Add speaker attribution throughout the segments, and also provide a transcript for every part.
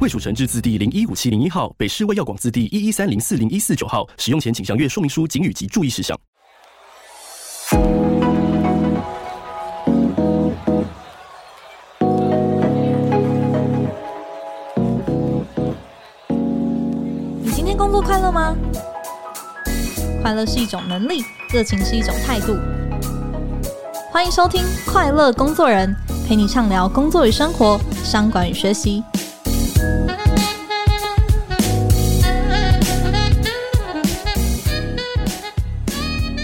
Speaker 1: 衛署成製字第零一五七零一號，北市衛藥廣字第一一三零四零一四九號。使用前請詳閱說明書、警語及注意事項。你今天工作快樂嗎？快樂是一種能力，熱情是一種態度。歡迎收聽《快樂工作人》，陪你暢聊工作與生活、商管與學習。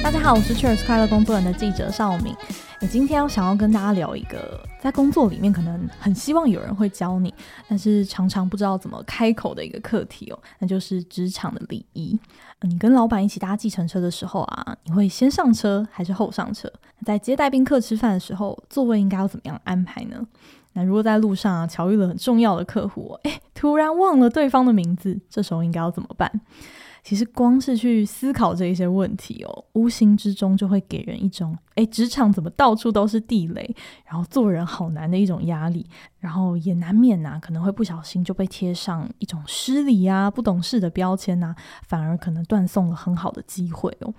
Speaker 1: 大家好，我是 Cheers 快樂工作人的記者紹敏、欸。今天想要跟大家聊一個在工作裡面可能很希望有人會教你，但是常常不知道怎麼開口的一個課題哦，那就是職場的禮儀、嗯。你跟老闆一起搭計程車的時候啊，你會先上車還是後上車？在接待賓客吃飯的時候，座位應該要怎麼樣安排呢？那如果在路上啊，巧遇了很重要的客戶，哎，突然忘了對方的名字，這時候應該要怎麼辦？其實光是去思考這一些問題哦，無形之中就會給人一種誒，職場怎麼到處都是地雷，然後做人好難的一種壓力，然後也難免吶、啊，可能會不小心就被貼上一種失禮啊、不懂事的標籤吶、啊，反而可能斷送了很好的機會哦。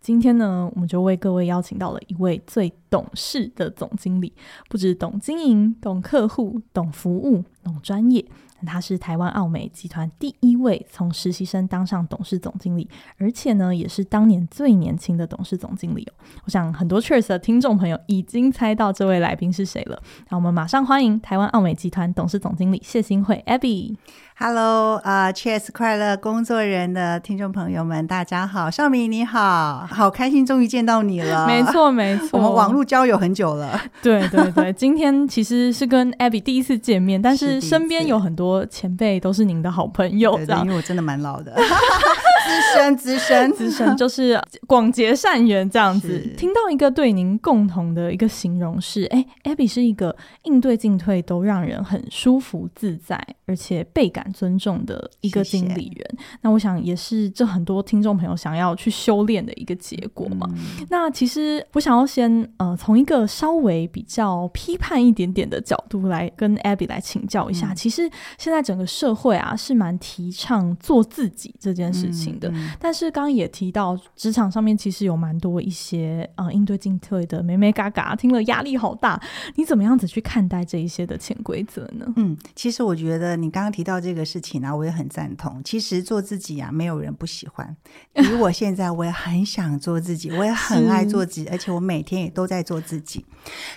Speaker 1: 今天呢，我們就為各位邀請到了一位最懂事的總經理，不止懂經營、懂客戶、懂服務、懂專業。他是台灣奧美集團第一位從實習生當上董事總經理，而且呢，也是當年最年輕的董事總經理哦。我想很多 Cheers 的聽眾朋友已經猜到這位來賓是誰了。那我們馬上歡迎台灣奧美集團董事總經理謝馨慧 Abby。
Speaker 2: Hello，啊、uh,，Cheers 快樂工作人的聽眾朋友們，
Speaker 1: 大家好。紹敏你好，好開心！終於見到你了。沒錯，沒錯， 我們網絡交友很久了。對對對， 今天其實是跟 Abby 第一次見面，但是身邊有很多前輩都是您的好朋友，樣對，因為我真的蠻老的。 資 深、資深、資 深，就是廣結善緣這樣子。是聽到一個對您共同的一個形容是，哎、欸、，Abby 是一個應對進退都讓人很舒服自在，而且倍感尊重的一個經理人。是是，那我想也是這很多聽眾朋友想要去修煉的一個結果嘛。嗯、那其實我想要先呃，從一個稍微比較批判一點點的角度來跟 Abby 來請教一下。嗯、其實現在整個社會啊，是蠻提倡做自己這件事情。嗯嗯、但是剛剛也提到職場上面其實有蠻多一些啊、呃、應對進退的眉眉角角，聽了壓力好大。你怎麼樣子去看待這一些的潛規則呢？嗯，其實我
Speaker 2: 覺得你剛剛提到這個事情呢、啊，我也很贊同。其實做自己啊，沒有人不喜歡。以我現在，我也很想做自己， 我也很愛做自己，而且我每天也都在做自己。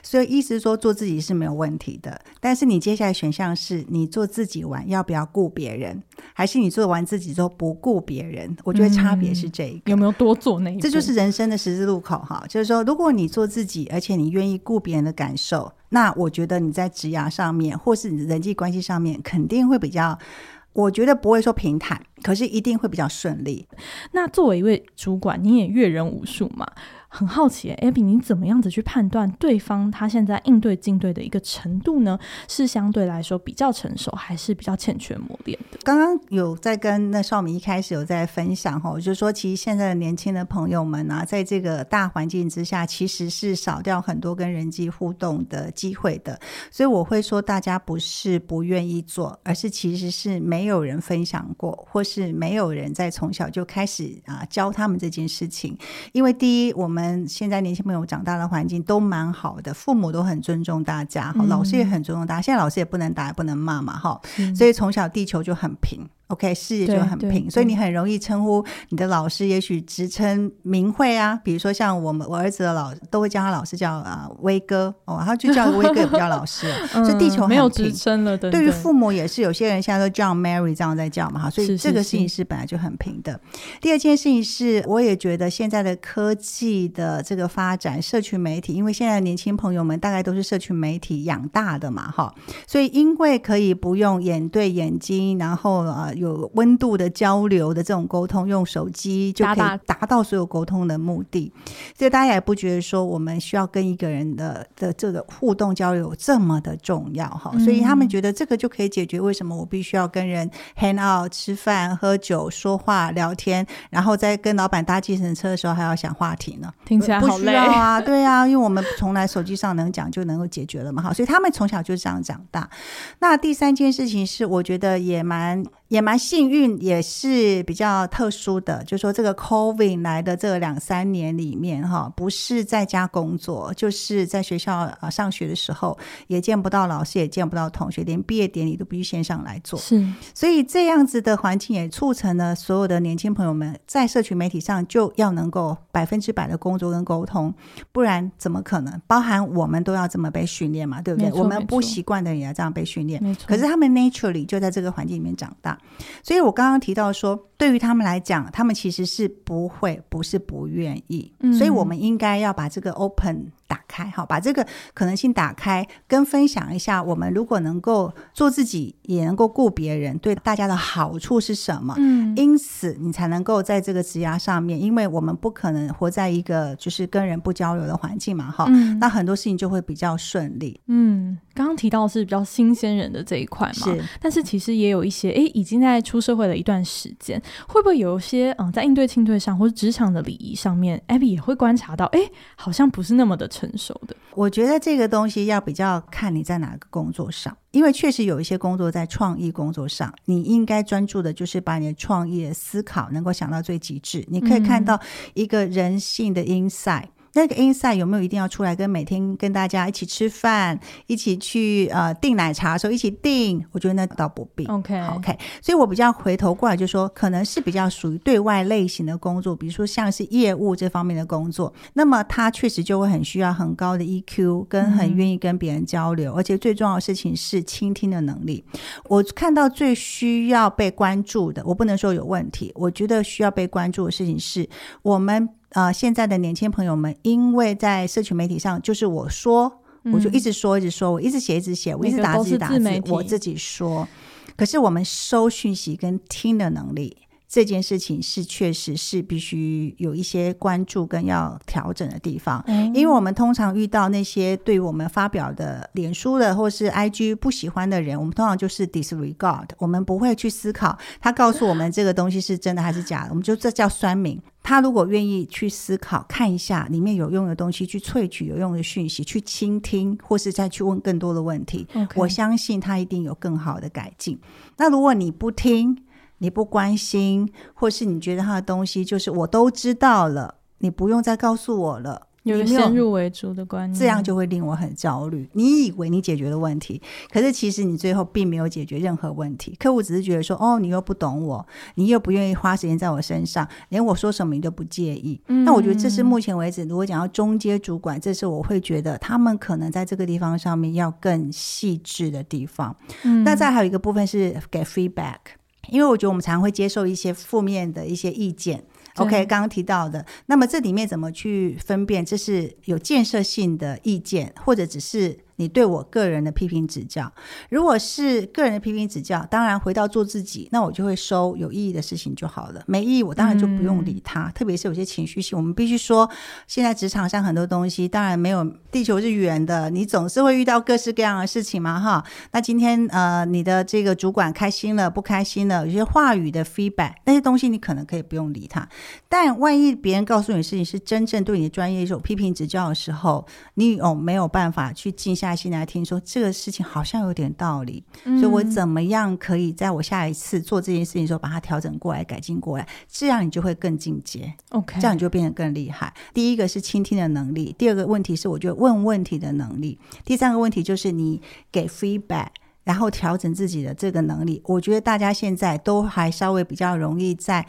Speaker 2: 所以意思說，做自己是沒有問題的。但是你接下來選項是你做自己玩，要不要顧別人？還是你做完自己之後不顧別人？我覺得差別是
Speaker 1: 這一個，嗯，有沒有多做那一？這就是
Speaker 2: 人生的十字路口哈，就是說，如果你做自己，而且你願意顧別人的感受，那我覺得你在職涯上面或是人際關係上面，
Speaker 1: 肯定會比較，我覺得不會說平坦，可是一定會比較順利。那作為一位主管，你也閱人無數嘛。很好奇 a 比 b，你怎麼樣子去判斷對方他現在應對進對的一個程度呢？是相對來說比較成熟，還是比較欠缺磨練的？剛剛有在跟那少米一開始有在分享哈，就是、
Speaker 2: 說其實現在的年輕的朋友們呢、啊，在這個大環境之下，其實是少掉很多跟人際互動的機會的。所以我會說，大家不是不願意做，而是其實是沒有人分享過，或是沒有人在從小就開始啊教他們這件事情。因為第一，我們現在年輕朋友長大的環境都蠻好的，父母都很尊重大家，嗯，老師也很尊重大家。現在老師也不能打，也不能罵嘛，嗯，所以從小地球就很平。OK，事業就很平，所以你很容易稱呼你的老師，也許職稱名諱啊，對比如說像我們我兒子的老師，都會叫他老師叫啊、呃、威哥哦，他就叫威哥，不叫老
Speaker 1: 師了 所以地球平、嗯、沒有職稱了，對於對對父
Speaker 2: 母也是，有些人現在都叫 John、Mary 這樣在叫嘛哈。所以這個事情是本來就很平的。是是是第二件事情是，我也覺得現在的科技的這個發展，社群媒體，因為現在年輕朋友們大概都是社群媒體養大的嘛哈，所以因為可以不用眼對眼睛，然後呃。有溫度的交流的這種溝通，用手機就可以達到所有溝通的目的，所以大家也不覺得說我們需要跟一個人的的這個互動交流這麼的重要哈，嗯，所以他們覺得這個就可以解決為什麼我必須要跟人 hang out 吃飯喝酒說話聊天，然後再跟老闆搭計程車的時候還要想話題呢？聽起來好累，不需要啊！對啊，因為我們從來手機上能講就能夠解決了嘛，哈，所以他們從小就這樣長大。那第三件事情是，我覺得也蠻。也蠻幸運，也是比較特殊的，就說這個 COVID 來的這兩三年裡面，哈，不是在家工作，就是在學校啊上學的時候，也見不到老師，也見不到同學，連畢業典禮都必須線上來做。是，所以這樣子的環境也促成了所有的年輕朋友們在社群媒體上就要能夠百分之百的工作跟溝通，不然怎麼可能？包含我們都要這麼被訓練嘛，對不對？沒錯，我們不習慣的人也要這樣被訓練，沒錯，可是他們 naturally 就在這個環境裡面長大。所以，我剛剛提到說，對於他們來講，他們其實是不會，不是不願意。嗯。所以我們應該要把這個 open。打開哈，把這個可能性打開，跟分享一下，我們如果能夠做自己，也能夠顧別人，對大家的好處是什麼？嗯，因此你才能夠在這個職業上面，因為我們不可能活在一個就是跟人不交流的環境嘛，哈、嗯，那很
Speaker 1: 多事情就會比較順利。嗯，剛剛提到是比較新鮮人的這一塊嘛，是，但是其實也有一些，哎，已經在出社會了一段時間，會不會有些嗯，在應對進退上或者職場的禮儀上面，Abby 也會觀察到，哎，好像不是那麼的成成熟的，我覺得這個東西要比較看你在哪個工作上，因為確實有一些工作在
Speaker 2: 創意工作上，你應該專注的就是把你的創意思考能夠想到最極致，嗯、你可以看到一個人性的 insight。那個 inside 有沒有一定要出來跟每天跟大家一起吃飯，一起去呃訂奶茶的時候一起訂？我覺得那倒不必。OK OK，所以我比較回頭過來就說，可能是比較屬於對外類型的工作，比如說像是業務這方面的工作，那麼他確實就會很需要很高的 EQ，跟很願意跟別人交流，嗯、而且最重要的事情是傾聽的能力。我看到最需要被關注的，我不能說有問題，我覺得需要被關注的事情是我們。呃，現在的年輕朋友們，因為在社群媒體上，就是我說，嗯、我就一直說，一直說，我一直寫，一直寫，我一直打字，打字，我自己說。可是我們收訊息跟聽的能力，這件事情是確實是必須有一些關注跟要調整的地方，因為我們通常遇到那些對我們發表的臉書的或是 IG 不喜歡的人，我們通常就是 disregard，我們不會去思考他告訴我們這個東西是真的還是假的。我們就這叫酸民，他如果願意去思考看一下裡面有用的東西，去萃取有用的訊息，去傾聽或是再去問更多的問題，我相信他一定有更好的改進。那如果你不聽，你不關心，或是你覺得他的東西就是我都知道了，你不用再告訴我了。有個先入
Speaker 1: 為主的觀念，這樣就
Speaker 2: 會令我很焦慮。你以為你解決了問題，可是其實你最後並沒有解決任何問題。客戶只是覺得說：“哦，你又不懂我，你又不願意花時間在我身上，連我說什麼你都不介意。嗯嗯”那我覺得這是目前為止，如果講到中階主管，這是我會覺得他們可能在這個地方上面要更細緻的地方。嗯、那再還有一個部分是給 feedback。因為我覺得我們常會接受一些負面的一些意見，OK，對剛剛提到的，那麼這裡面怎麼去分辨這是有建設性的意見，或者只是？你對我個人的批評指教，如果是個人的批評指教，當然回到做自己，那我就會收有意義的事情就好了，沒意義，我當然就不用理他。嗯、特別是有些情緒性，我們必須說，現在職場上很多東西，當然沒有地球是圓的，你總是會遇到各式各樣的事情嘛，哈。那今天呃，你的這個主管開心了，不開心了，有些話語的 feedback，那些東西你可能可以不用理他。但萬一別人告訴你是你是真正對你的專業一種批評指教的時候，你有、哦、沒有辦法去靜下開心來聽說，說這個事情好像有點道理，嗯、所以我怎麼樣可以在我下一次做這件事情的時候把它調整過來、改進過來，這樣你就會更進階。OK，這樣你就變得更厲害。第一個是傾聽的能力，第二個問題是我覺得問問題的能力，第三個問題就是你給 feedback，然後調整自己的這個能力。我覺得大家現在都還稍微比較容易在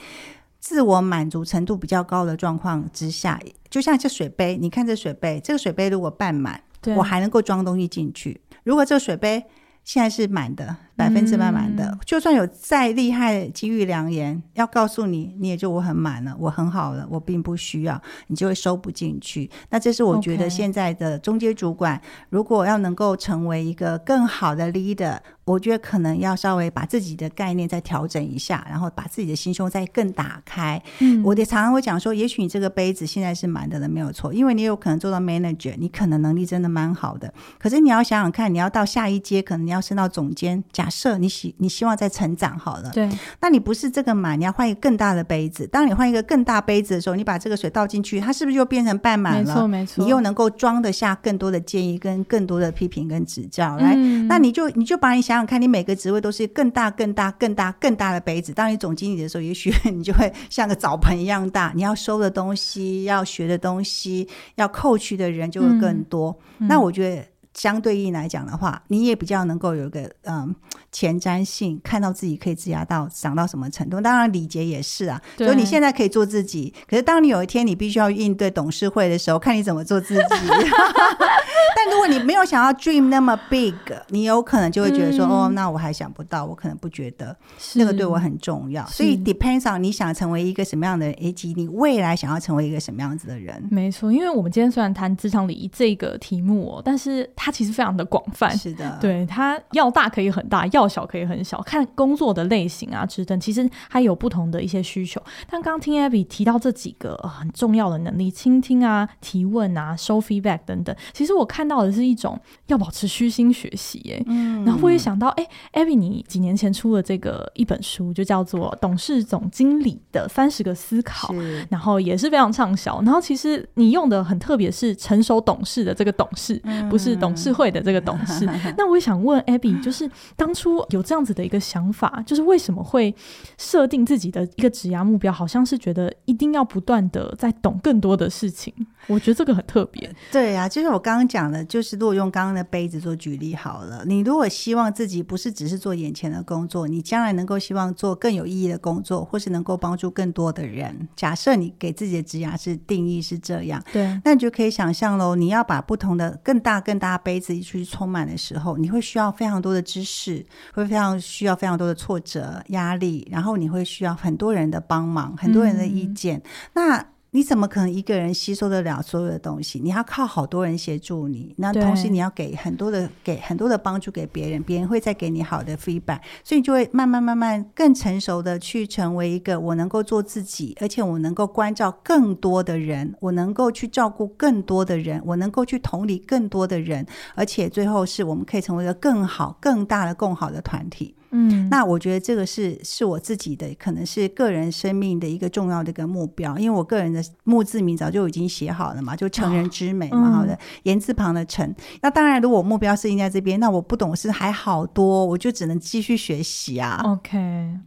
Speaker 2: 自我滿足程度比較高的狀況之下，就像這水杯，你看這水杯，這個水杯如果半滿。我還能夠裝東西進去，如果這個水杯現在是滿的。百分之百滿的，就算有再厲害的金玉良言要告訴你，你也就我很滿了，我很好了，我並不需要，你就會收不進去。那這是我覺得現在的中階主管，嗯、如果要能夠成為一個更好的 leader，我覺得可能要稍微把自己的概念再調整一下，然後把自己的心胸再更打開。嗯、我的常常會講說，也許你這個杯子現在是滿的了，沒有錯，因為你有可能做到 manager，你可能能力真的蠻好的。可是你要想想看，你要到下一階，可能你要升到總監，假。設你喜，你希望在成長好了，對，那你不是這個滿，你要換一個更大的杯子。當你換一個更大杯子的時候，你把這個水倒進去，它是不是就變成半滿了？沒錯，沒錯。你又能夠裝得下更多的建議、跟更多的批評、跟指教。來，嗯嗯，那你就你就把你想想看，你每個職位都是更大、更大、更大、更大的杯子。當你總經理的時候，也許你就會像個澡盆一樣大。你要收的東西、要學的東西、要扣去的人就會更多。嗯嗯，那我覺得相對應來講的話，你也比較能夠有一個嗯。前瞻性看到自己可以質押到長到什麼程度，當然禮節也是啊。所以你現在可以做自己，對可是當你有一天你必須要應對董事會的時候，看你怎麼做自己。 但如果你沒有想要 dream 那麼 big，你有可能就會覺得說，嗯、哦，那我還想不到，我可能不覺得是那個對我很重要。是所以 depends on 你想成為一個什麼樣的 A G，
Speaker 1: 你未來想要成為一個什麼樣子的人。沒錯，因為我們今天雖然談職場禮儀這個題目，喔，哦，但是它其實非常的廣泛。是的，對，它要大可以很大，要報小可以很小，看工作的類型啊，等等，其實還有不同的一些需求。但剛聽 Abby 提到這幾個、呃、很重要的能力：傾聽啊、提問啊、收 feedback 等等。其實我看到的是一種要保持虛心學習、欸，哎、嗯，然後我也想到，哎、欸、Abby，你幾年前出了這個一本書，就叫做《董事總經理的三十個思考》，是然後也是非常暢銷。然後其實你用的很特別，是成熟董事的這個董事，嗯、不是董事會的這個董事。嗯、 那我也想問 Abby，就是當初。有這樣子的一個想法，就是為什麼會設定自己的一個職涯目標，好像是覺得一定要不斷的在懂更多的事情。我覺得這個很特別。嗯、對呀、啊。就是我剛剛講
Speaker 2: 的，就是如果用剛剛的杯子做舉例好了，你如果希望自己不是只是做眼前的工作，你將來能夠希望做更有意義的工作，或是能夠幫助更多的人。假設你給自己的職業是定義是這樣，對，那你就可以想象嘍。你要把不同的更大、更大杯子出去充滿的時候，你會需要非常多的知識，會非常需要非常多的挫折、壓力，然後你會需要很多人的幫忙、很多人的意見。嗯嗯那你怎麼可能一個人吸收得了所有的東西？你要靠好多人協助你。那同時你要給很多的，給很多的幫助給別人，別人會再給你好的 feedback，所以你就會慢慢慢慢更成熟的去成為一個我能夠做自己，而且我能夠關照更多的人，我能夠去照顧更多的人，我能夠去同理更多的人，而且最後是我們可以成為一個更好、更大的、更好的團體。嗯，那我覺得這個是是我自己的，可能是個人生命的一個重要的一個目標，因為我個人的墓志銘早就已經寫好了嘛，就成人之美嘛，哦嗯、好的言字旁的成。那當然，如果目標設定在這邊，那我不懂是還好多，我就只能繼續學習啊。
Speaker 1: OK，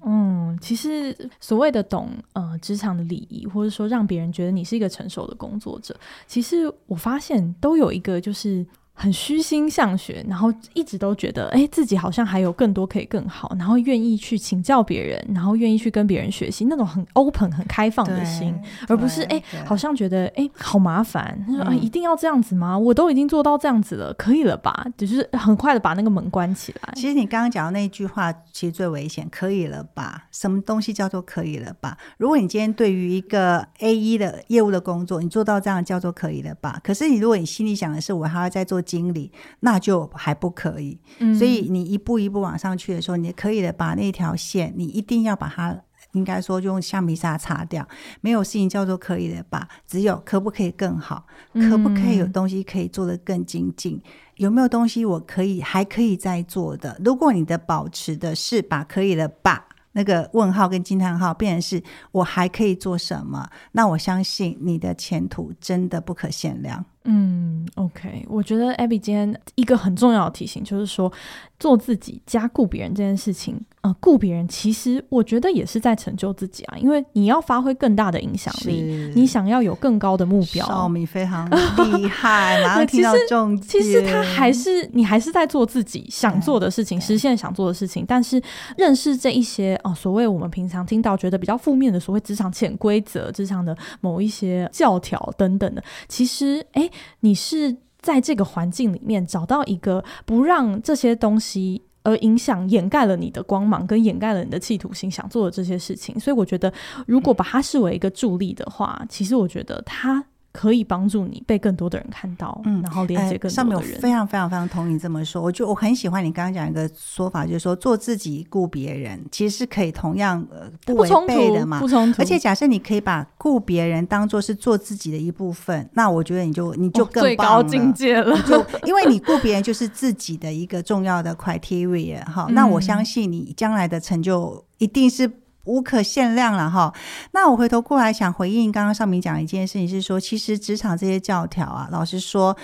Speaker 1: 嗯，其實所謂的懂，呃，職場的禮儀，或者說讓別人覺得你是一個成熟的工作者，其實我發現都有一個就是。很虛心向學，然後一直都覺得，哎、欸，自己好像還有更多可以更好，然後願意去請教別人，然後願意去跟別人學習，那種很 open 很開放的心，對而不是哎、欸，好像覺得，哎、欸，好麻煩，說啊、嗯，一定要這樣子嗎？我都已經做到這樣子了，可以了吧？就是很快的把那個門關起來。其實你剛剛講的那句話，
Speaker 2: 其實最危險，可以了吧？什麼東西叫做可以了吧？如果你今天對於一個 A 一的業務的工作，你做到這樣叫做可以了吧？可是你如果你心裡想的是，我還要再做。經理，那就還不可以。嗯、
Speaker 1: 所以你
Speaker 2: 一步一步往上去的時候，你可以的把那條線，你一定要把它，應該說用橡皮擦擦掉。沒有事情叫做可以的吧？只有可不可以更好？可不可以有東西可以做得更精進？嗯、有沒有東西我可以還可以再做的？如果你的保持的是把可以的把那個問號跟驚嘆號變成是我還可以做什麼？
Speaker 1: 那我相信你的前途真的不可限量。嗯，OK，我覺得 Abby 今天一個很重要的提醒就是說，做自己加顧別人這件事情。呃，顧別人其實我覺得也是在成就自己啊，因為你要發揮更大的影響力，是你想要有更高的目標，紹敏非常厲
Speaker 2: 害，蠻 聽到重點。其實他還
Speaker 1: 是你還是在做自己想做的事情，對實現想做的事情。對但是認識這一些哦、呃，所謂我們平常聽到覺得比較負面的所謂職場潛規則、職場的某一些教條等等的，其實哎、欸，你是在這個環境裡面找到一個不讓這些東西。而影響掩蓋了你的光芒，跟掩蓋了你的企圖心，想做的這些事情。所以我覺得，如果把它視為一個助力的話，其實我覺得它。可以幫助你被更多的人看到，嗯，然後連接更多的人上
Speaker 2: 面，有非常非常非常同意你這麼說。我就我很喜歡你剛剛講一個說法，就是說做自己顧別人，其實是可以同樣、呃、不違背不衝突的嘛，而且假設你可以把顧別人當做是做自己的一部分，那我覺得你就你就更、哦、高境界了，就因為你顧別人就是自己的一個重要的 criteria 哈。 那我相信你將來的成就一定是。無可限量了哈，那我回頭過來想回應剛剛紹敏講的一件事情，是說其實職場這些教條啊，老實說，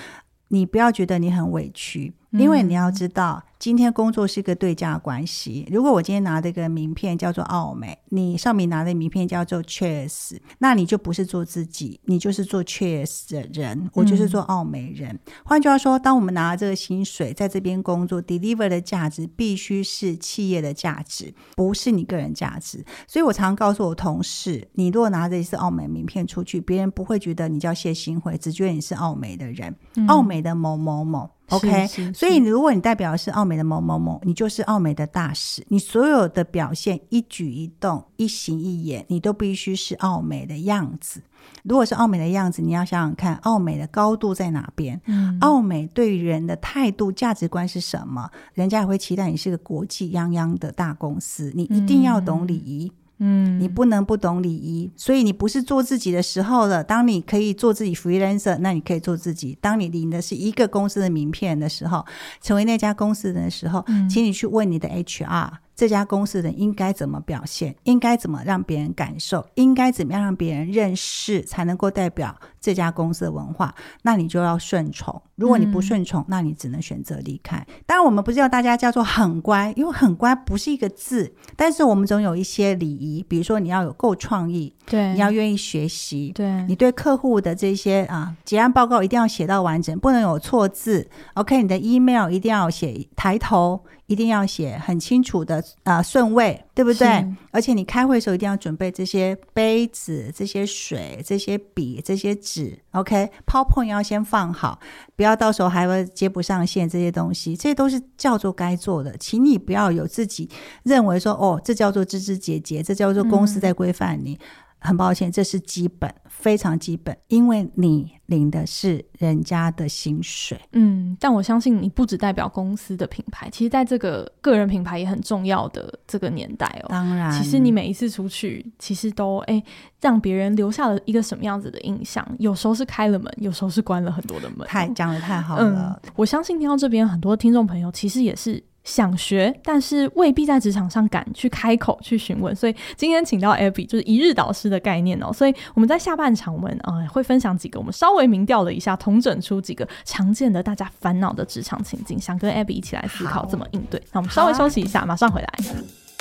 Speaker 2: 你不要覺得你很委屈，嗯、因為你要知道。今天工作是一個對價關係。如果我今天拿這個名片叫做奧美，你上面拿的名片叫做 Cheers，那你就不是做自己，你就是做 Cheers 的人，嗯、我就是做奧美人。換句話說，當我們拿這個薪水在這邊工作，deliver 的價值必須是企業的價值，不是你個人價值。所以我常常告訴我同事，你如果拿着一次奧美名片出去，別人不會覺得你叫謝馨慧，只覺得你是奧美的人，奧美的某某某。OK，所以如果你代表的是奧美的某某某，你就是奧美的大使。你所有的表現、一舉一動、一行一言，你都必須是奧美的樣子。如果是奧美的樣子，你要想想看，奧美的高度在哪邊？嗯、奧美對人的態度、價值觀是什麼？人家也會期待你是個國際泱泱的大公司。你一定要懂禮儀。嗯嗯，你不能不懂禮儀，所以你不是做自己的時候了。當你可以做自己 freelancer，那你可以做自己；當你領的是一個公司的名片的時候，成為那家公司的時候，請你去問你的 HR。嗯這家公司的應該怎麼表現？應該怎麼讓別人感受？應該怎麼樣讓別人認識才能夠代表這家公司的文化？那你就要順從。如果你不順從，那你只能選擇離開。嗯、當然，我們不知道大家叫做很乖，因為很乖不是一個字。但是我們總有一些禮儀，比如說你要有夠創意，對，你要願意學習，對，你對客戶的這些啊結案報告一定要寫到完整，不能有錯字。OK，你的 email 一定要寫抬頭。一定要寫很清楚的啊，順位對不對？是而且你開會的時候一定要準備這些杯子、這些水、這些筆、這些紙，OK？PowerPoint、okay? 要先放好，不要到時候還會接不上線這些東西，這些都是叫做該做的，請你不要有自己認為說哦，這叫做枝枝節節，這叫做公司在規範你。嗯很抱歉，這是基本，非常基本，因為你領的是人家的薪水。
Speaker 1: 嗯，但我相信你不只代表公司的品牌，其實在這個個人品牌也很重要的這個年代哦。當然，其實你每一次出去，其實都哎，讓別人留下了一個什麼樣子的印象，有時候是開了門，有時候是關了很多的門。太，講得太好了。嗯，我相信聽到這邊很多聽眾朋友，其實也是。想學，但是未必在職場上敢去開口去詢問，所以今天請到 Abby，就是一日導師的概念哦。所以我們在下半場文啊、呃，會分享幾個我們稍微明調了一下，統整出幾個常見的大家煩惱的職場情境，想跟 Abby 一起來思考怎麼應對。好那我們稍微休息一下，好馬上回來。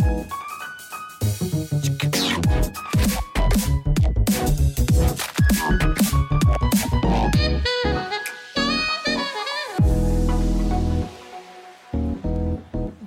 Speaker 1: 嗯。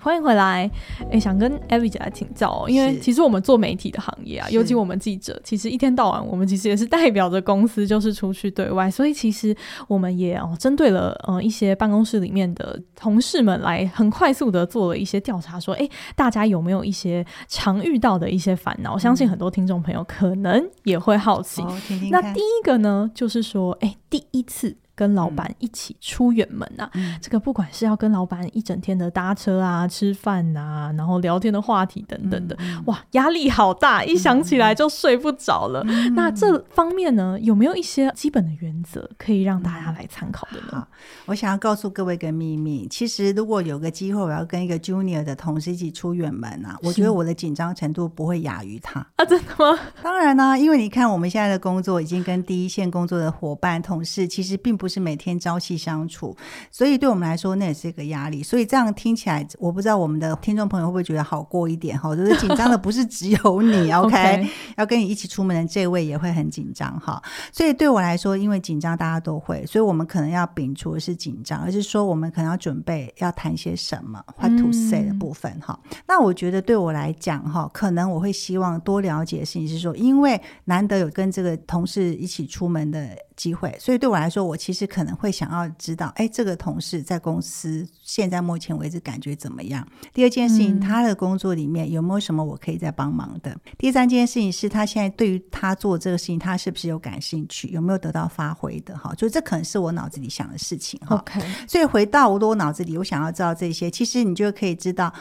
Speaker 1: 歡迎回來，誒想跟 Abby 姐來請教哦，因為其實我們做媒體的行業啊，是尤其我們記者，其實一天到晚我們其實也是代表着公司，就是出去對外，所以其實我們也哦，針對了呃一些辦公室裡面的同事們來，很快速地做了一些調查說，說哎，大家有沒有一些常遇到的一些煩惱？嗯、相信很多聽眾朋友可能也會好奇。好聽聽看，那第一個呢，就是說哎，第一次。跟老闆一起出遠門啊，嗯、這個不管是要跟老闆一整天的搭車啊、嗯、吃飯啊，然後聊天的話題等等的，嗯嗯、哇，壓力好大，一想起來就睡不着了。嗯嗯、那這方面呢，有沒有一些基本的原則可以讓大家來參考的呢？我想要告
Speaker 2: 訴各位一個秘密，其實如果有個機會我要跟一個 junior 的同事一起出遠門啊，是我覺得我的緊張程度不會亞於他啊，真的嗎？當然呢、啊，因為你看我們現在的工作已經跟第一線工作的夥伴同事其實並不是。是每天朝夕相處，所以對我們來說那也是一個壓力。所以這樣聽起來，我不知道我們的聽眾朋友會不會覺得好過一點哈，就是緊張的不是只有你 ，OK？要跟你一起出門的這位也會很緊張哈。所以對我來說，因為緊張大家都會，所以我們可能要摒除的是緊張，而是說我們可能要準備要談些什麼，what、嗯、to say 的部分哈。那我覺得對我來講哈，可能我會希望多了解的事情是說，因為難得有跟這個同事一起出門的。機會，所以對我來說，我其實可能會想要知道，哎，這個同事在公司現在目前為止感覺怎麼樣？第二件事情，他的工作裡面有沒有什麼我可以再幫忙的？嗯、第三件事情是他現在對於他做這個事情，他是不是有感興趣？有沒有得到發揮的？哈，就這可能是我腦子裡想的事情哈。Okay 所以回到我的我腦子裡，我想要知道這些，其實你就可以知道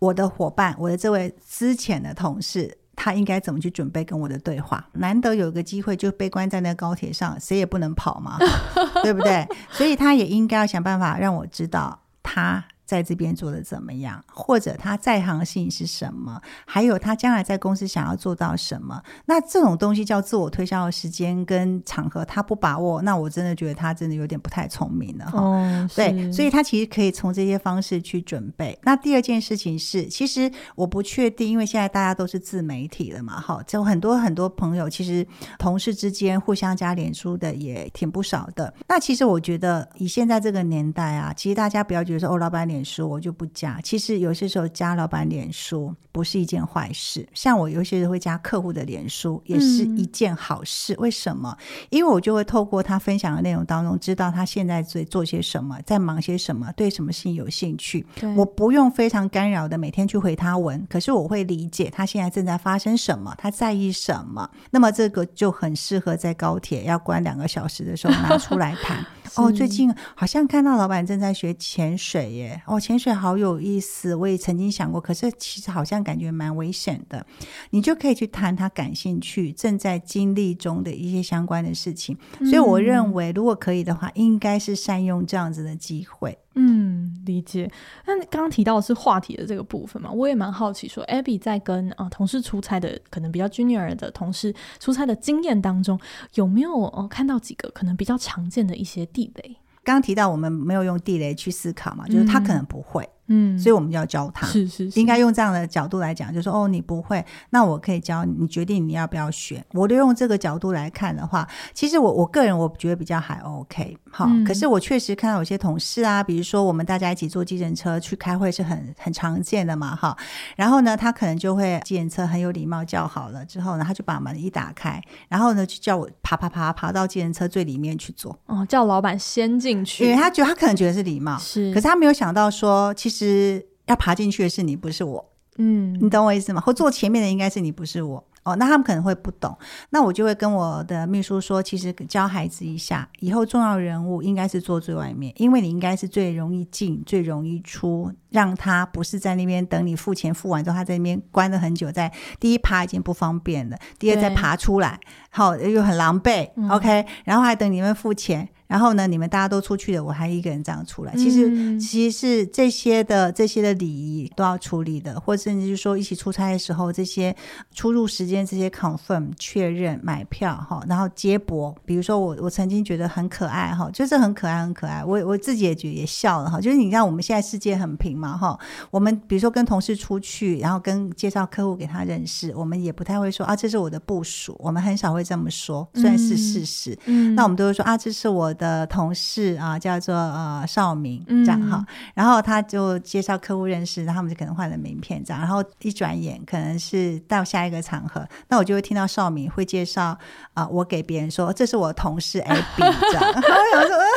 Speaker 2: 我的夥伴，我的這位之前的同事。他應該怎麼去準備跟我的對話？難得有個機會就被關在那高鐵上，誰也不能跑嘛，
Speaker 1: 對不對？
Speaker 2: 所以他也應該要想辦法讓我知道他。在這邊做的怎麼樣，或者他在行性是什麼，還有他將來在公司想要做到什麼？那這種東西叫自我推銷的時間跟場合，他不把握，那我真的覺得他真的有點不太聰明了哈。哦、對，所以他其實可以從這些方式去準備。那第二件事情是，其實我不確定，因為現在大家都是自媒體了嘛，哈，就很多很多朋友其實同事之間互相加臉書的也挺不少的。那其實我覺得以現在這個年代啊，其實大家不要覺得說哦，老板你。臉書我就不加，其實有些時候加老板臉書不是一件壞事，像我有些時候會加客戶的臉書也是一件好事。嗯。為什麼？因為我就會透過他分享的內容當中，知道他現在在做些什麼，在忙些什麼，對什麼事情有興趣。對我不用非常干擾的每天去回他文，可是我會理解他現在正在發生什麼，他在意什麼。那麼這個就很適合在高鐵要關兩個小時的時候拿出來談。 哦，最近好像看到老板正在學潛水耶！哦，潛水好有意思，我也曾經想過，可是其實好像感覺蠻危險的。你就可以去談他感興趣、正在經歷中的一些相關的事情。所以我認為，如果可以的話，嗯、應該是善用這樣子的機
Speaker 1: 會。嗯，理解。那剛剛提到的是話題的這個部分嘛，我也蠻好奇，說 Abby 在跟啊、呃、同事出差的，可能比較 Junior 的同事出差的經驗當中，有沒有、呃、看到幾個可能比較常見的一些？地雷，剛剛提到我們沒有用
Speaker 2: 地雷去思考嘛，就是他可能不會。嗯嗯，所以我們要教他，嗯、是是，是，應該用這樣的角度來講，就是、說哦，你不會，那我可以教你，你決定你要不要學。我就用這個角度來看的話，其實我我個人我覺得比較還 OK，好。嗯、可是我確實看到有些同事啊，比如說我們大家一起坐計程車去開會是很很常見的嘛，哈。然後呢，他可能就會計程車很有禮貌叫好了之後呢，他就把門一打開，然後呢就叫我爬爬爬爬到計程車最裡面去坐。
Speaker 1: 哦，叫老闆先進去，因為他覺得他
Speaker 2: 可能覺得是禮貌，是，可是他沒有想到說其實。其實要爬進去的是你，不是我。嗯，你懂我意思嗎？或坐前面的應該是你，不是我。哦，那他們可能會不懂。那我就會跟我的秘書說，其實教孩子一下，以後重要人物應該是坐最外面，因為你應該是最容易進、最容易出，讓他不是在那邊等你付錢，付完之後他在那邊關了很久，在第一爬已經不方便了，第二再爬出來，對好，又很狼狽。嗯、OK，然後還等你們付錢。然後呢，你們大家都出去了，我還一個人這樣出來。其實，嗯、其實是這些的這些的禮儀都要處理的，或甚至是說一起出差的時候，這些出入時間、這些 confirm 確認買票哈，然後接駁。比如說我，我我曾經覺得很可愛哈，就是很可愛很可愛，我我自己也覺得也笑了哈。就是你看，我們現在世界很平嘛哈，我們比如說跟同事出去，然後跟介紹客戶給他認識，我們也不太會說啊，這是我的部屬，我們很少會這麼說，雖然是事實，嗯、那我們都會說啊，這是我。的同事啊，叫做呃少明這樣哈，嗯、然後他就介紹客戶認識，然後他們就可能換了名片這樣，然後一轉眼可能是到下一個場合，那我就會聽到少明會介紹啊、呃，我給別人說這是我同事 Abby、 欸、這樣，我說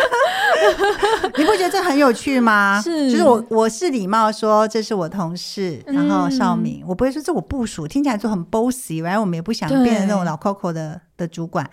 Speaker 2: 你不覺得這很有趣嗎？是，就是我我是禮貌說這是我同事，然後少明、嗯、我不會說這我部屬，聽起來就很 bossy，原、right? 來我們也不想變成那種老 Coco 的對的主管。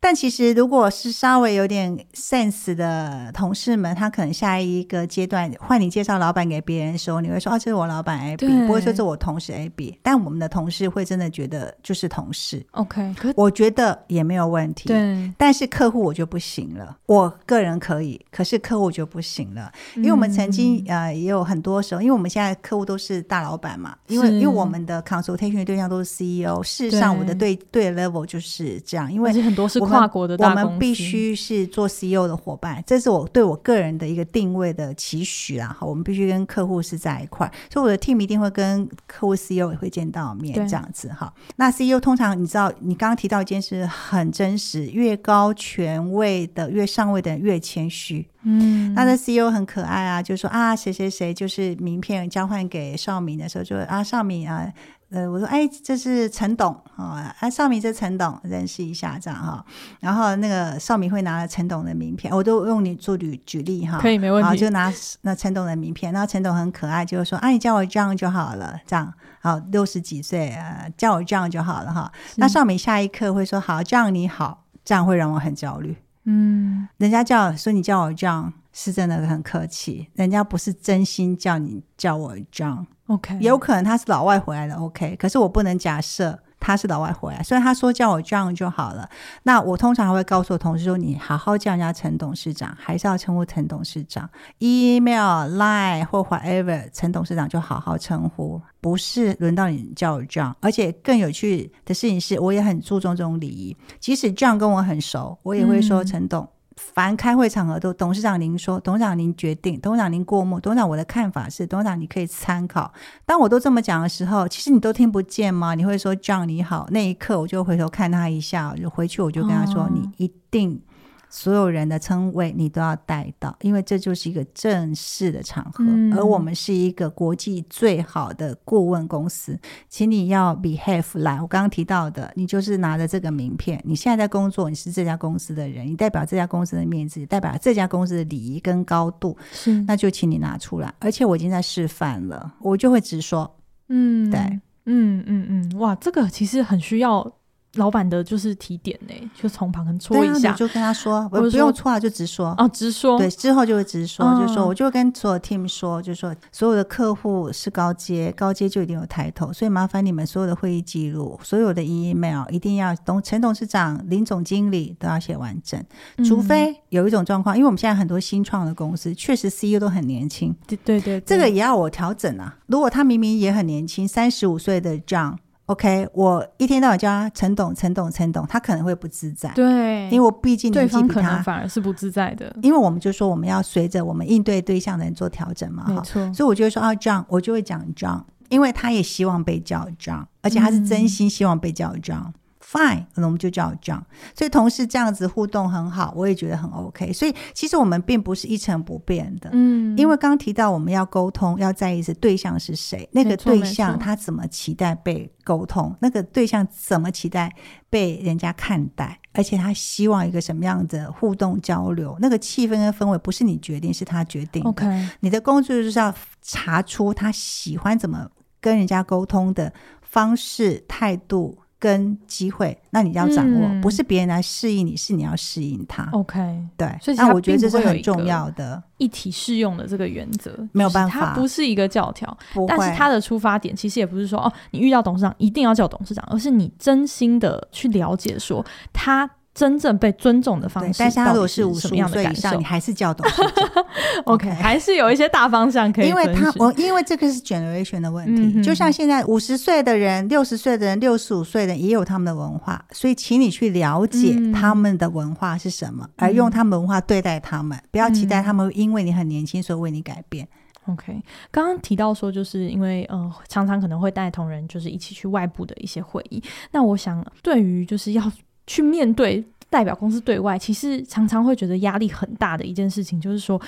Speaker 2: 但其實，如果是稍微有點 sense 的同事們，他可能下一個階段換你介紹老闆給別人的時候，你會說：“哦，這是我老闆 Abby，對不會說這是我同事 Abby。”但我們的同事會真的覺得就是同事。OK，我覺得也沒有問題。對。但是客戶我就不行了。我個人可以，可是客戶就不行了。因為我們曾經、嗯、呃也有很多時候，因為我們現在客戶都是大老闆嘛，是因為因為我們的 consultation 對象都是 CEO。事實上，我的對對，對的 level 就是這樣，因為很多是。跨國的大公司，我們必須是做 CEO 的夥伴，這是我對我個人的一個定位的期許啊！我們必須跟客戶是在一塊，所以我的 team 一定會跟客戶 CEO 會見到面，對這樣子哈。那 CEO 通常你知道，你剛剛提到一件事很真實，越高權位的越上位的人越謙虛。嗯，那的 CEO 很可愛啊，就說啊，誰誰誰就是名片交換給紹敏的時候，就說啊，紹敏啊，呃，我說哎、欸，這是陳董啊，啊，紹敏，是陳董，認識一下這樣哈。然後那個紹敏會拿了陳董的名片，我都用你做舉舉例哈，可以沒問題。然後就拿那陳董的名片，那陳董很可愛，就說啊，你叫我 John 就好了，這樣，好六十幾歲啊，叫我 John 就好了哈。是那紹敏下一刻會說好，John 你好，這樣會讓我很焦慮。嗯，人家叫說你叫我 John 是真的很客氣，人家不是真心叫你叫我 John。OK，有可能他是老外回來的，OK，可是我不能假設。他是老外回來、啊，所以他說叫我 John 就好了，那我通常還會告訴同事說：“你好好叫人家陳董事長，還是要稱呼陳董事長、mm hmm.，email、line 或 whatever，陳董事長就好好稱呼，不是輪到你叫我 John。而且更有趣的事情是，我也很注重這種禮儀，即使 John 跟我很熟，我也會說陳董。嗯”凡開會場合都，董事長您說，董事長您決定，董事長您過目，董事長我的看法是，董事長你可以參考。當我都這麼講的時候，其實你都聽不見嗎？你會說 “John 你好”，那一刻我就回頭看他一下，就回去我就跟他說：“你一定。”所有人的稱謂你都要帶到，因為這就是一個正式的場合，嗯、而我們是一個國際最好的顧問公司，請你要 behave 來。我剛剛提到的，你就是拿着這個名片，你現在在工作，你是這家公司的人，你代表這家公司的面子，代表這家公司的禮儀跟高度，是那就請你拿出來。而且我已經在示範了，我就會直說，嗯，
Speaker 1: 對，嗯嗯嗯，哇，這個其實很需要。老闆的就是提點呢、欸，就從旁邊戳一下，對啊、就跟他說，我不用戳了，就直說，說。哦，直說。對，
Speaker 2: 之後就直說，嗯、就說，我就跟所有 team 說，就說所有的客戶是高階，高階就一定有抬頭，所以麻煩你們所有的會議記錄，所有的 email 一定要董陳董事長、林總經理都要寫完整。除非有一種狀況，嗯、因為我們現在很多新創的公司確實 CEO 都很年輕，對，對對對，這個也要我調整啊。如果他明明也很年輕，三十五歲的 John。OK，我一天到晚叫他陳董，陳董，陳董，他可能會不自在。對，因為我畢竟年紀比他大，對方可能反
Speaker 1: 而是不自在的。
Speaker 2: 因為我們就說我們要隨着我們應對對象的人做調整嘛，哈，沒錯。所以我就會說啊，John，我就會講 John，因為他也希望被叫 John，而且他是真心希望被叫 John，嗯。Fine，那我們就叫 John。所以同事這樣子互動很好，我也覺得很 OK。所以其實我們並不是一成不變的。嗯，因為剛剛提到我們要溝通，要在意是對象是誰，那個對象他怎麼期待被溝通，沒錯沒錯，那個對象怎麼期待被人家看待，而且他希望一個什麼樣的互動交流，那個氣氛跟氛圍不是你決定，是他決定。OK，你的工作就是要查出他喜歡怎麼跟人家溝通的方式、態度。跟機會，那你要掌握，嗯、不是別人來適應你，是你要適應他。OK，對，所以我覺得這是很重要的一,
Speaker 1: 一體適用的這個原則，沒有辦法，它不是一個教條，但是他的出發點其實也不是說不會哦，你遇到董事長一定要叫董事長，而是你真心的去了解說他。真正被尊重的方式的。但是他如果是五十歲以上， 你還是叫董事，OK，還是有一些大方向可以。因為他我因
Speaker 2: 為這個是 generation 的問
Speaker 1: 題，嗯、哼就像
Speaker 2: 現在五十歲的人、六十歲的人、六十五歲的人也有他們的文化，所以請你去了解他們的文化是什麼？嗯、而用他們文化對待他們，嗯、不要期待他們因為你很年輕
Speaker 1: 所以為你改變。嗯、OK，剛剛提到說，就是因為嗯、呃，常常可能會帶同仁，就是一起去外部的一些會議，那我想對於就是要。去面對。代表公司對外，其實常常會覺得壓力很大的一件事情，就是說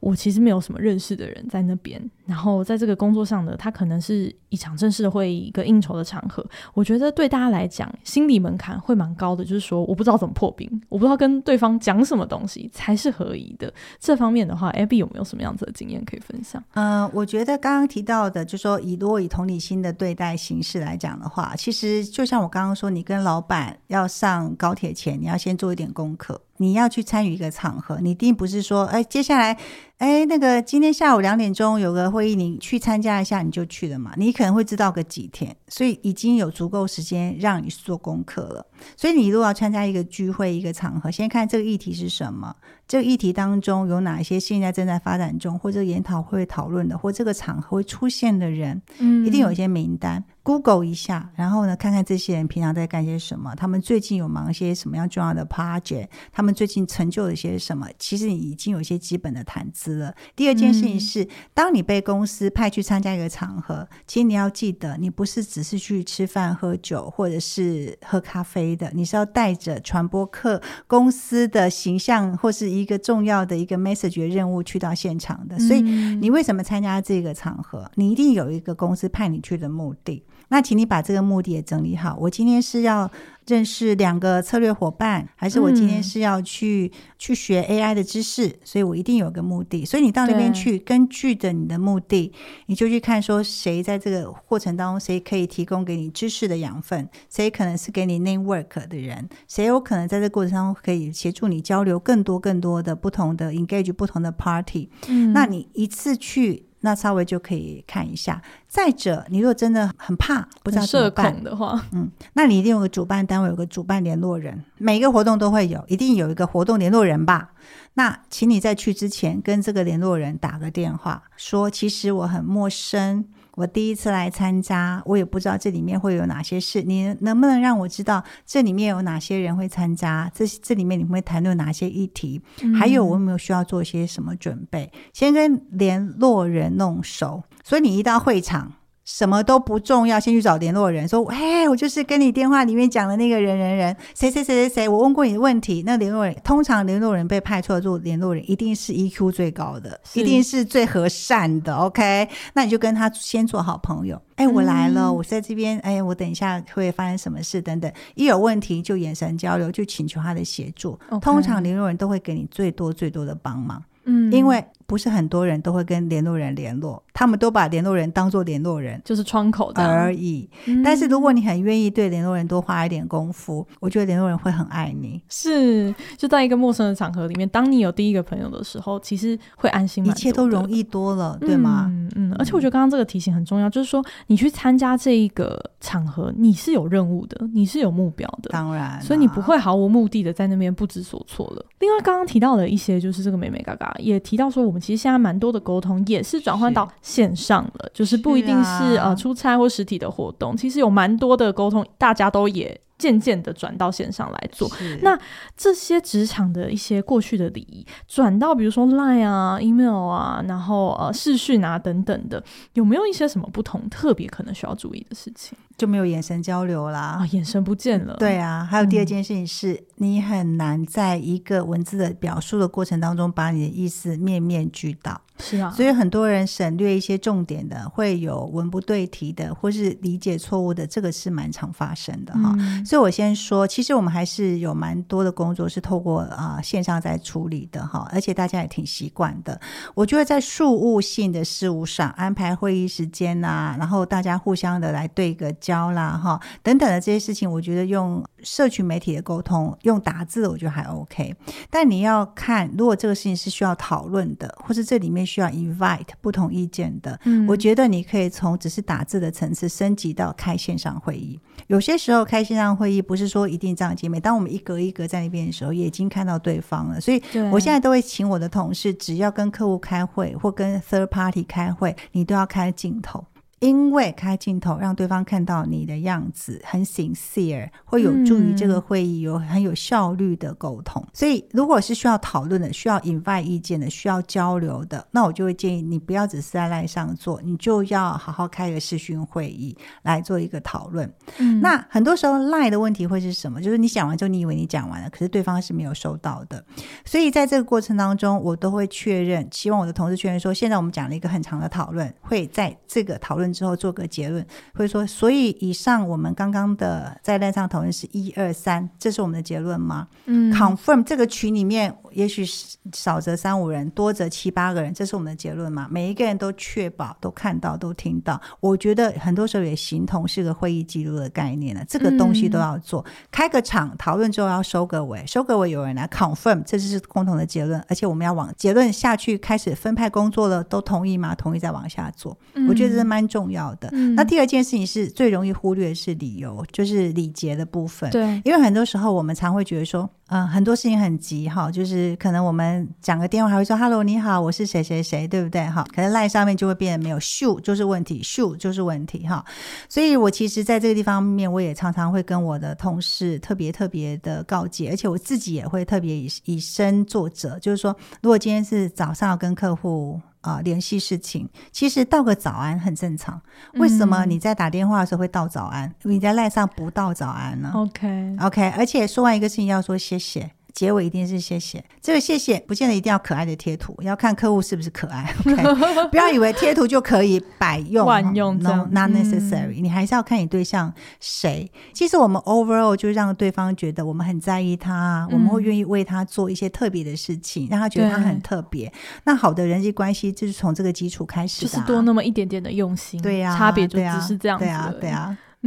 Speaker 1: 我其實沒有什麼認識的人在那邊。然後在這個工作上呢，他可能是一場正式的會議，一個應酬的場合。我覺得對大家來講，心理門檻會蠻高的，就是說我不知道怎麼破冰，我不知道跟對方講什麼東西才是合宜的。這方面的話，Abby 有沒有什麼樣子的經驗可以分享？
Speaker 2: 嗯、呃，我覺得剛剛提到的，就是說以多以同理心的對待形式來講的話，其實就像我剛剛說，你跟老闆要上高鐵前，你要。先做一點功課。你要去參與一個場合，你一定不是說，哎、欸，接下來，哎、欸，那個今天下午兩點鐘有個會議，你去參加一下你就去了嘛？你可能會知道個幾天，所以已經有足夠時間讓你做功課了。所以你如果要參加一個聚會、一個場合，先看這個議題是什麼，這個議題當中有哪些現在正在發展中或者研討會討論的，或者這個場合會出現的人，嗯，一定有一些名單，Google 一下，然後呢，看看這些人平常在幹些什麼，他們最近有忙一些什麼樣重要的 project，他們。們最近成就了些什麼？其實你已經有一些基本的談資了。第二件事情是，當你被公司派去參加一個場合，其實你要記得，你不是只是去吃飯、喝酒或者是喝咖啡的，你是要帶着傳播客公司的形象或是一個重要的一個 message 任務去到現場的。所以，你為什麼參加這個場合？你一定有一個公司派你去的目的。那請你把這個目的也整理好。我今天是要。認識兩個策略夥伴，還是我今天是要去、嗯、去學 AI 的知識？所以我一定有一個目的。所以你到那邊去，根據著你的目的，對你就去看說誰在這個過程當中，誰可以提供給你知識的養分，誰可能是給你 network 的人，誰有可能在這個過程當中可以協助你交流更多更多的不同的 engage 不同的 party。嗯、那你一次去。那稍微就可以看一下。再者，你如果真的很怕，不知道怎麼辦的話，嗯，那你一定有個主辦單位，有個主辦聯絡人，每一個活動都會有，一定有一個活動聯絡人吧？那請你在去之前跟這個聯絡人打個電話，說其實我很陌生。我第一次來參加，我也不知道這裡面會有哪些事。你能不能讓我知道這裡面有哪些人會參加？這這裡面你會談論哪些議題？還有我有沒有需要做些什麼準備？嗯、先跟聯絡人弄熟。所以你一到會場。什麼都不重要，先去找聯絡人，說：“哎，我就是跟你電話裡面講的那個人，人，人，人，誰誰誰誰誰，我問過你的問題。”那聯絡人通常聯絡人被派出來做聯絡人，一定是 EQ 最高的，是一定是最和善的。OK，那你就跟他先做好朋友。哎，我來了，嗯、我是在這邊。哎，我等一下會發生什麼事？等等，一有問題就眼神交流，就請求他的協助。Okay 通常聯絡人都會給你最多最多的幫忙。嗯，因為。不是很多人都會跟聯絡人聯絡，他們都把聯絡人當做聯絡人，就是窗口而已。但是如果你很願意對聯絡人多花一點功夫，嗯、我覺得聯絡人會很愛你。
Speaker 1: 是，就在一個陌生的場合裡面，當你有第一個朋友的時候，其實會安心，一切都容易多了，對嗎？嗯嗯。而且我覺得剛剛這個提醒很重要，嗯、就是說你去參加這一個場合，你是有任務的，你是有目標的，當然、啊，所以你不會毫無目的的在那邊不知所措了。嗯、另外，剛剛提到的一些，就是這個眉眉角角也提到說我。其實現在蠻多的溝通也是轉換到線上了，是就是不一定是，是、啊、呃出差或實體的活動，其實有蠻多的溝通，大家都也，漸漸的轉到線上來做，是那這些職場的一些過去的禮儀，轉到比如說 LINE 啊、email 啊，然後呃視訊啊等等的，有沒有一些什麼不同？特別可能需要注意的事情？就沒有眼神交流啦，啊、眼神不見了。對啊，還有第二件事情是，嗯、你很
Speaker 2: 難在一個文字的表述的過程當中，把你的意思面面俱到。是啊，所以很多人省略一些重點的，會有文不對題的，或是理解錯誤的，這個是蠻常發生的哈。嗯、所以我先說，其實我們還是有蠻多的工作是透過啊線上在處理的哈，而且大家也挺習慣的。我覺得在事務性的事物上，安排會議時間啊，然後大家互相的來對個焦啦哈，等等的這些事情，我覺得用。社群媒體的溝通用打字，我覺得還 OK。但你要看，如果這個事情是需要討論的，或是這裡面需要 invite 不同意見的，嗯，我覺得你可以從只是打字的層次升級到開線上會議。有些時候開線上會議不是說一定這樣子，每當我們一格一格在那邊的時候，也已經看到對方了，所以我現在都會請我的同事，只要跟客戶開會或跟 third party 開會，你都要開鏡頭。因為開鏡頭，讓對方看到你的樣子，很 sincere，會有助於這個會議，嗯、有很有效率的溝通。所以，如果是需要討論的，需要 invite 意見的，需要交流的，那我就會建議你不要只是在賴上做，你就要好好開一個視訊會議來做一個討論。嗯、那很多時候賴的問題會是什麼？就是你講完之後，你以為你講完了，可是對方是沒有收到的。所以在這個過程當中，我都會確認，希望我的同事確認說，現在我們講了一個很長的討論，會在這個討論之後做個結論，會說，所以以上我們剛剛的在線上討論是一二三，這是我們的結論嗎？嗯，confirm 這個群裡面也許少則三五人，多則七八個人，這是我們的結論嗎？每一個人都確保都看到都聽到，我覺得很多時候也形同是個會議記錄的概念了、啊。這個東西都要做，嗯、開個場討論之後要收個尾，收個尾有人來 confirm，這就是共同的結論，而且我們要往結論下去開始分派工作了，都同意嗎？同意再往下做，嗯、我覺得是蠻。重要的，嗯、那第二件事情是最容易忽略的是理由，就是禮節的部分。對，因為很多時候我們常會覺得說，嗯，很多事情很急哈，就是可能我們講個電話還會說、嗯、“hello，你好，我是誰誰誰，誰”，對不對？哈，可能賴上面就會變得沒有咻就是問題咻就是問題哈。所以我其實在這個地方面，我也常常會跟我的同事特別特別的告誡，而且我自己也會特別以以身作則，就是說，如果今天是早上跟客戶。啊，聯繫、哦、事情，其實道個早安很正常。
Speaker 1: 為什麼你在
Speaker 2: 打電話的時候會道早安？嗯、你在賴上不道早安呢
Speaker 1: ？OK，OK，
Speaker 2: Okay、okay, 而且說完一個事情要說謝謝。結尾一定是謝謝，這個謝謝不見得一定要可愛的貼圖，要看客戶是不是可愛。OK， 不要以為貼圖就可以百用萬用，non not necessary、嗯。你還是要看你對象誰。其實我們 overall 就讓對方覺得我們很在意他，嗯、我們會願意為他做一些特別的事情，讓他覺得他很特別。對那好的人際關係就是從這個基礎
Speaker 1: 開始的、啊，就是多那麼一點點的用心。對啊，差別就只是這樣。對啊，對啊。嗯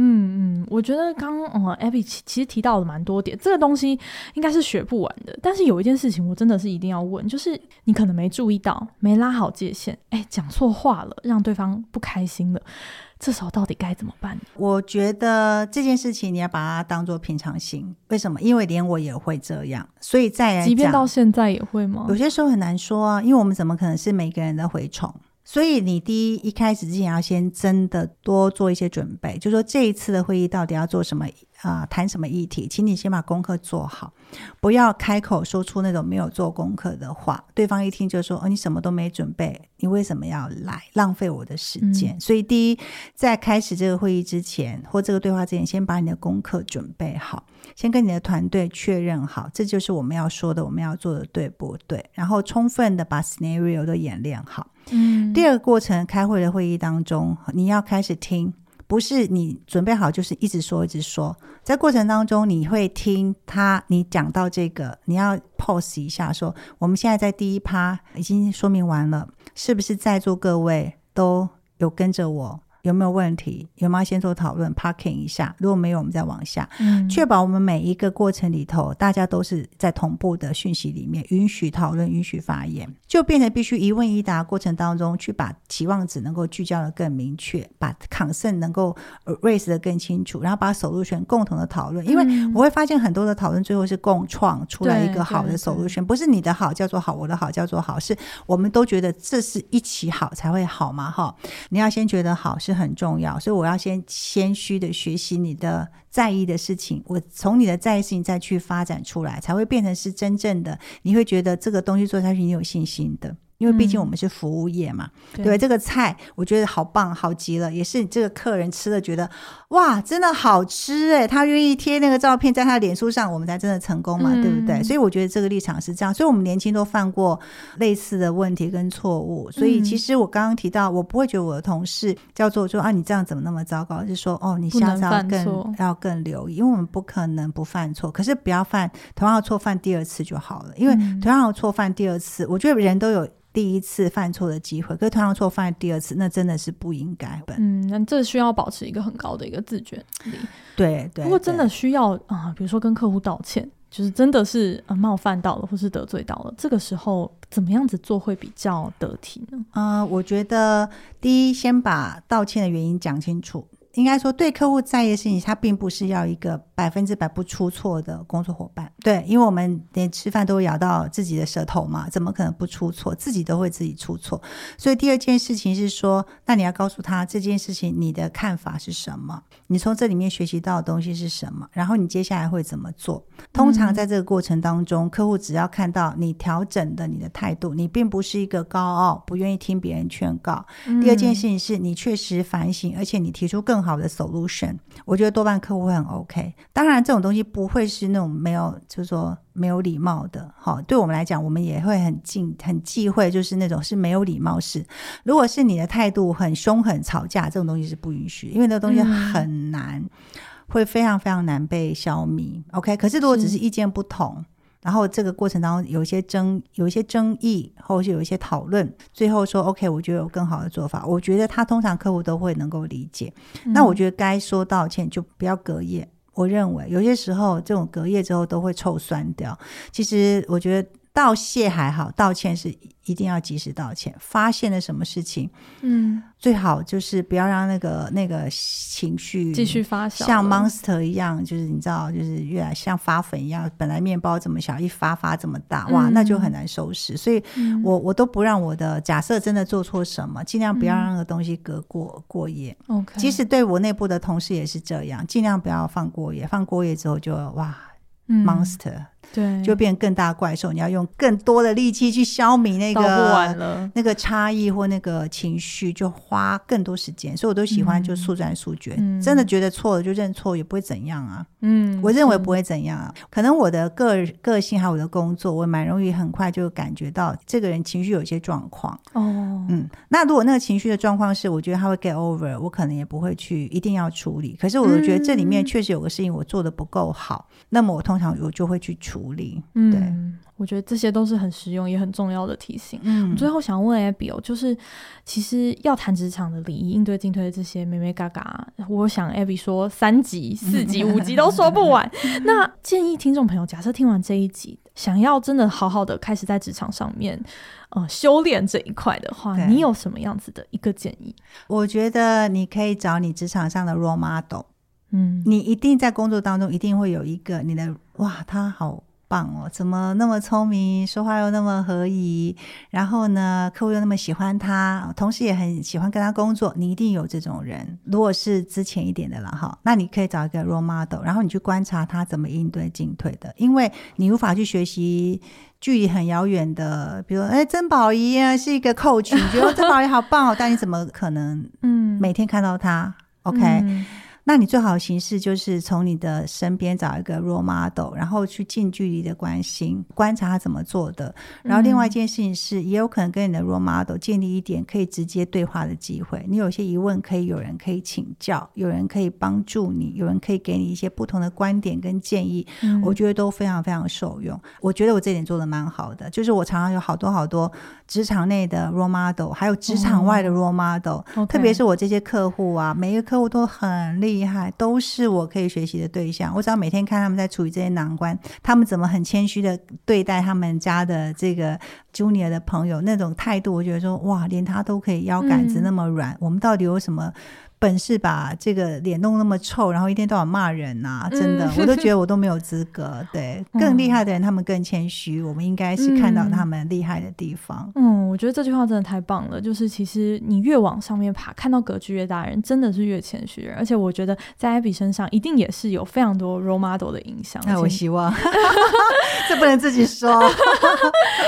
Speaker 1: 嗯，我覺得剛剛呃，嗯，Abby 其其實提到了蠻多點，這個東西應該是學不完的。但是有一件事情，我真的是一定要問，就是你可能沒注意到，沒拉好界限，哎，講錯話了，讓對方不開心了，這時候到底該怎麼辦呢？我
Speaker 2: 覺得這件事情你要把它當做平常心。為什麼？因為連我也會這樣，所以再來講，即便到
Speaker 1: 現在也會嗎？有些時
Speaker 2: 候很難說啊，因為我們怎麼可能是每個人的蛔蟲？所以你第一一開始之前要先真的多做一些準備，就是說，這一次的會議到底要做什麼啊，呃、談什麼議題，請你先把功課做好。不要開口說出那種沒有做功課的話，對方一聽就說：“哦，你什麼都沒準備，你為什麼要來？浪費我的時間。”嗯，所以，第一，在開始這個會議之前或這個對話之前，先把你的功課準備好，先跟你的團隊確認好，這就是我們要說的，我們要做的，對不對？然後，充分的把 scenario 都演練好。嗯。第二個過程，開會的會議當中，你要開始聽。不是你準備好就是一直說一直說，在過程當中你會聽他，你講到這個，你要 pause 一下說，說我們現在在第一趴已經說明完了，是不是在座各位都有跟着我？有沒有問題？有沒有先做討論，parking 一下？如果沒有，我們再往下，確、嗯、保我們每一個過程裡頭，大家都是在同步的訊息裡面，允許討論，允許發言，就變成必須一問一答的過程當中去把期望值能夠聚焦的更明確，把 concern 能夠 raise、er、的更清楚，然後把 solution 共同的討論。嗯、因為我會發現很多的討論最後是共創出來一個好的 solution，不是你的好叫做好，我的好叫做好，是我們都覺得這是一起好才會好嘛，哈！你要先覺得好是。是很重要，所以我要先謙虛的學習你的在意的事情，我從你的在意事情再去發展出來，才會變成是真正的，你會覺得這個東西做下去你有信心的。因為畢竟我們是服務業嘛、嗯，對,對這個菜我覺得好棒，好極了，也是這個客人吃了覺得哇，真的好吃哎！他願意貼那個照片在他臉書上，我們才真的成功嘛，嗯、對不對？所以我覺得這個立場是這樣。所以我們年輕都犯過類似的問題跟錯誤，所以其實我剛剛提到，我不會覺得我的同事叫做說啊，你這樣怎麼那麼糟糕？是說哦，你下次要更要更留意，因為我們不可能不犯錯，可是不要犯同樣的錯犯第二次就好了，因為同樣的錯犯第二次，嗯、我覺得人都有。第一次犯錯的機會，可是同樣錯犯第二次，那真的是不應該。
Speaker 1: 嗯，那這需要保持一個很高的一個自覺。
Speaker 2: 對對，如果
Speaker 1: 真的需要啊、嗯，比如說跟客戶道歉，就是真的是冒犯到了或是得罪到了，這個時候怎麼樣子做會比較得體呢？呃、嗯，
Speaker 2: 我覺得第一，先把道歉的原因講清楚。應該說對客戶在意的事情，他並不是要一個百分之百不出錯的工作夥伴，對，因為我們連吃飯都咬到自己的舌頭嘛，怎麼可能不出錯？自己都會自己出錯。所以第二件事情是說，那你要告訴他這件事情你的看法是什麼，你從這裡面學習到的東西是什麼，然後你接下來會怎麼做？嗯、通常在這個過程當中，客戶只要看到你調整的你的態度，你並不是一個高傲不願意聽別人勸告。嗯、第二件事情是你確實反省，而且你提出更好的 solution，我覺得多半客戶會很 OK。當然，這種東西不會是那種沒有，就是說沒有禮貌的。好、哦，對我們來講，我們也會很忌，很忌諱，就是那種是沒有禮貌事。如果是你的態度很兇狠，吵架這種東西是不允許，因為那個東西很難，嗯、會非常非常難被消弭。OK，可是如果只是意見不同，是然後這個過程當中有一些爭，有一些爭議，或者是有一些討論，最後說 OK，我覺得有更好的做法，我覺得他通常客戶都會能夠理解。嗯、那我覺得該說道歉就不要隔夜。我認為有些時候，這種隔夜之後都會臭酸掉。其實，我覺得。道謝還好，道歉是一定要及時道歉。發現了什麼事情，嗯，最好就是不要讓那個那個情緒繼續
Speaker 1: 發酵，像 monster
Speaker 2: 一樣，就是你知道，就是越來像發粉一樣。本來面包這麼小，一發發這麼大，哇，嗯、那就很難收拾。所以我我都不讓我的假設真的做錯什麼，嗯、儘量不要讓那個東西隔過、嗯、過夜。OK，即使對我內部的同事也是這樣，儘量不要放過夜。放過夜之後就哇，monster。嗯 mon 對，就變更大怪獸，你要用更多的力氣去消弭那個、那個差異或那個情緒，就花更多時間。所以，我都喜歡就速戰速決。嗯、真的覺得錯了就認錯，也不會怎樣啊。嗯，
Speaker 1: 我認為
Speaker 2: 不會怎樣啊。嗯、可能我的個個性還有我的工作，我蠻容易很快就感覺到這個人情緒有一些狀況。哦，嗯，那如果那個情緒的狀況是我覺得他會 get over，我可能也不會去一定要處理。可是，我就覺得這裡面確實有個事情我做的不夠好，嗯、那麼我通常我就會去處理。福利，
Speaker 1: 無力對嗯，我覺得這些都是很實用也很重要的提醒。嗯，我最後想問 Abby，哦，就是其實要談職場的禮儀、應對進退的這些，咩咩嘎嘎，我想 Abby 說三集、四集、嗯、五集都說不完。 那建議聽眾朋友，假設聽完這一集，想要真的好好的開始在職場上面，呃、修炼這一塊的話，對你有什麼樣子的一個建議？我覺得你可以找你職場上的 role model，嗯，
Speaker 2: 你一定在工作當中一定會有一個你的，哇，他好。棒哦，怎麼那麼聰明，說話又那麼合宜，然後呢，客戶又那麼喜歡他，同事也很喜歡跟他工作，你一定有這種人。如果是之前一點的了哈，那你可以找一個 role model，然後你去觀察他怎麼應對進退的，因為你無法去學習距離很遙遠的，比如哎、欸，曾寶儀啊是一個 coach，你覺得曾寶儀好棒、哦， 但你怎麼可能嗯每天看到他？OK、嗯。嗯那你最好的形式就是從你的身邊找一個 role model，然後去近距離的關心、觀察他怎麼做的。然後另外一件事情是，也有可能跟你的 role model 建立一點可以直接對話的機會。你有些疑問，可以有人可以請教，有人可以幫助你，有人可以給你一些不同的觀點跟建議。嗯、我覺得都非常非常受用。我覺得我這點做的蠻好的，就是我常常有好多好多職場內的 role model，還有職場外的 role model、哦。特別是我這些客戶啊，每一個客戶都很厲害，都是我可以學習的對象。我只要每天看他們在處理這些難關，他們怎麼很謙虛的對待他們家的這個 junior 的朋友，那種態度，我覺得說，哇，連他都可以腰桿子那麼軟，嗯、我們到底有什麼本事把這個臉弄那麼臭，然後一天到晚罵人啊！真的，嗯、我都覺得我都沒有資格。 對，更厲害的人他們更謙虛，嗯、我們應該是看到他們厲害的地方。
Speaker 1: 嗯，我覺得這句話真的太棒了。就是其實你越往上面爬，看到格局越大人，人真的是越謙虛。而且我覺得在 Abby 身上一定也是有非常多 role model 的影響。那唉先我希望， 這不能自己說。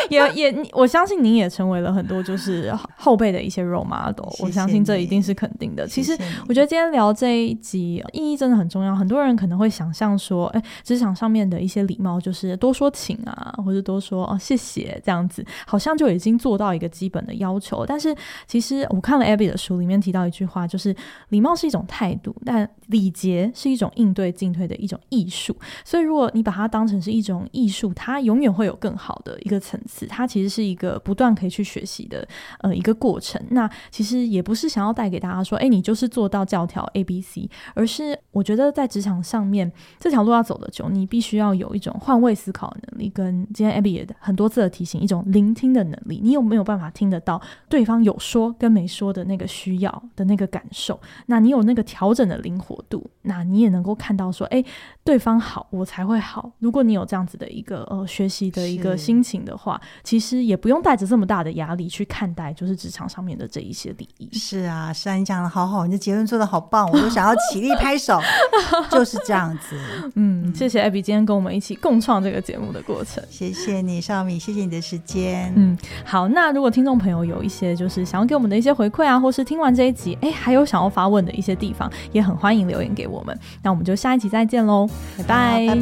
Speaker 1: 也 也，我相信您也成為了很多就是後輩的一些 role model。我相信這一定是肯定的。謝謝其實。我覺得今天聊這一集意義真的很重要。很多人可能會想象說，哎、欸，職場上面的一些禮貌，就是多說請啊，或者多說哦謝謝這樣子，好像就已經做到一個基本的要求。但是其實我看了 Abby 的書，裡面提到一句話，就是禮貌是一種態度，但禮節是一種應對進退的一種藝術。所以如果你把它當成是一種藝術，它永遠會有更好的一個層次。它其實是一個不斷可以去學習的呃一個過程。那其實也不是想要帶給大家說，哎、欸，你就是。做到教條 A B C，而是我覺得在職場上面這條路要走的久，你必須要有一種換位思考的能力，跟今天 Abby 也很多次的提醒，一種聆聽的能力。你有沒有辦法聽得到對方有說跟沒說的那個需要的那個感受？那你有那個調整的靈活度，那你也能夠看到說，哎、欸，對方好，我才會好。如果你有這樣子的一個呃學習的一個心情的話，是其實也不用帶着這麼大的壓力去看待就是職場上面的這一些禮儀。是啊，是啊，你講的好，好，你。結論做得好棒，我都想要起立拍手， 就是這樣子。 嗯，謝謝艾比今天跟我們一起共創這個節目的過程。謝謝你，紹敏，謝謝你的時間。嗯，好，那如果聽眾朋友有一些就是想要給我們的一些回饋啊，或是聽完這一集，哎，還有想要發問的一些地方，也很歡迎留言給我們。那我們就下一集再見嘍，拜拜拜拜。拜拜拜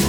Speaker 1: 拜。